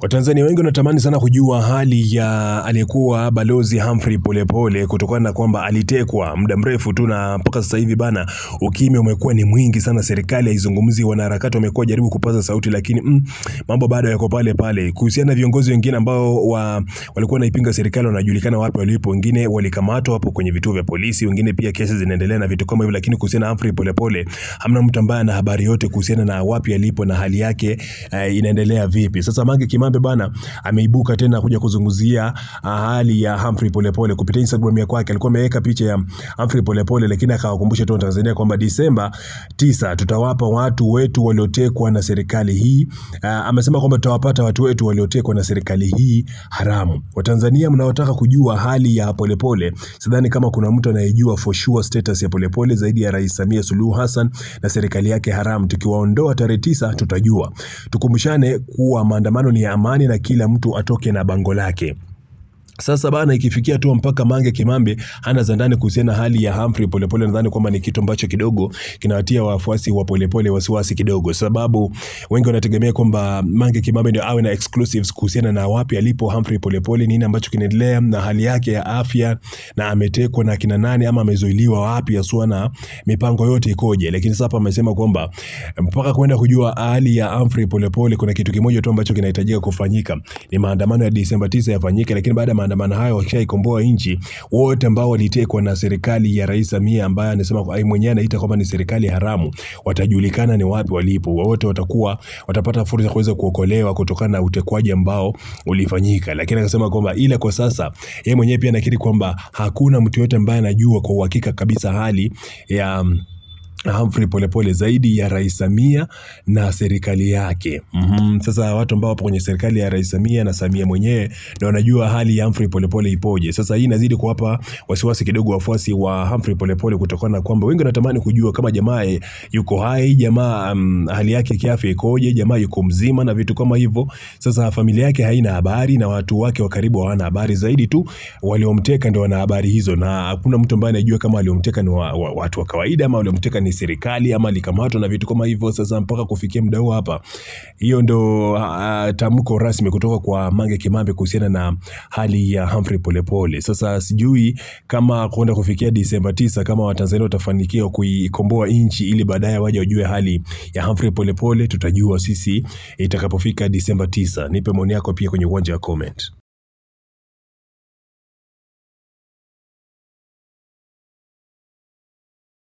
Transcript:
Watanzania wengi wanatamani sana kujua hali ya aliyekuwa Balozi Humphrey Polepole kutokana na kwamba alitekwa muda mrefu tu na mpaka sasa hivi bana, ukimya umekuwa ni mwingi sana, serikali haizungumzi, wanaharakati wamekuwa jaribu kupaza sauti, lakini mm, mambo bado yako pale pale. Kuhusiana na viongozi wengine ambao wa, walikuwa naipinga serikali, wanajulikana wapi walipo, wengine walikamatwa hapo kwenye vituo vya polisi, wengine pia kesi zinaendelea na vitu kama hivyo, lakini kuhusiana na Humphrey Polepole hamna mtu ambaye ana habari yote kuhusiana na wapi alipo na hali yake uh, inaendelea vipi sasa Mange Kimambi Mbappe bana ameibuka tena kuja kuzungumzia ah, hali ya Humphrey Polepole kupitia Instagram ya kwake. Alikuwa ameweka picha ya Humphrey Polepole, lakini akawakumbusha tu Tanzania kwamba Disemba 9 tutawapa watu wetu waliotekwa na serikali hii. Uh, amesema kwamba tutawapata watu wetu waliotekwa na serikali hii haramu. Watanzania mnaotaka kujua hali ya Polepole, sidhani kama kuna mtu anayejua for sure status ya Polepole zaidi ya Rais Samia Suluhu Hassan na serikali yake haramu. Tukiwaondoa tarehe 9 tutajua. Tukumbushane kuwa maandamano ni ya amani na kila mtu atoke na bango lake. Sasa bana, ikifikia tu mpaka Mange Kimambe hana za ndani kuhusiana hali ya Humphrey Polepole, nadhani kwamba ni kitu ambacho kidogo kinawatia wafuasi wa Polepole wasiwasi kidogo, sababu wengi wanategemea kwamba Mange Kimambe ndio awe na exclusives kuhusiana na wapi alipo Humphrey Polepole, nini ambacho kinaendelea na hali yake ya afya, na ametekwa na kina nani ama amezuiliwa wapi haswa na mipango yote ikoje. Lakini sasa hapa amesema kwamba mpaka kwenda kujua hali ya Humphrey Polepole, kuna kitu kimoja tu ambacho kinahitajika kufanyika, ni maandamano ya Disemba 9 yafanyike, lakini baada ya maandamano hayo wakishaikomboa nchi, wote ambao walitekwa na serikali ya Rais Samia ambaye anasema kwa mwenyewe anaita kwamba ni serikali haramu, watajulikana ni wapi walipo. Wote watakuwa watapata fursa ya kuweza kuokolewa kutokana na utekwaji ambao ulifanyika. Lakini akasema kwamba ila kwa sasa yeye mwenyewe pia anakiri kwamba hakuna mtu yote ambaye anajua kwa uhakika kabisa hali ya Humphrey Polepole zaidi ya Rais Samia na serikali yake. Mm -hmm. Sasa watu ambao wapo kwenye serikali ya Rais Samia na Samia mwenyewe na wanajua hali ya Humphrey Polepole ipoje. Sasa hii inazidi kuwapa wasiwasi kidogo wafuasi wa Humphrey Polepole kutokana na kwamba wengi wanatamani kujua kama jamaa eh, yuko hai, jamaa um, hali yake kiafya ikoje, jamaa yuko mzima na vitu kama hivyo. Sasa familia yake haina habari na watu wake wa karibu hawana habari, zaidi tu waliomteka ndio wana habari hizo, na hakuna mtu ambaye anajua kama waliomteka ni wa, wa, watu wa kawaida ama waliomteka ni ni serikali ama alikamatwa na vitu kama hivyo. Sasa mpaka kufikia muda huu hapa, hiyo ndo uh, ah, ah, tamko rasmi kutoka kwa Mange Kimambi kuhusiana na hali ya Humphrey Polepole. Sasa sijui kama kuenda kufikia Disemba 9 kama Watanzania watafanikiwa kuikomboa nchi ili baadaye waje wajue hali ya Humphrey Polepole, tutajua sisi itakapofika Disemba 9. Nipe maoni yako pia kwenye uwanja wa comment.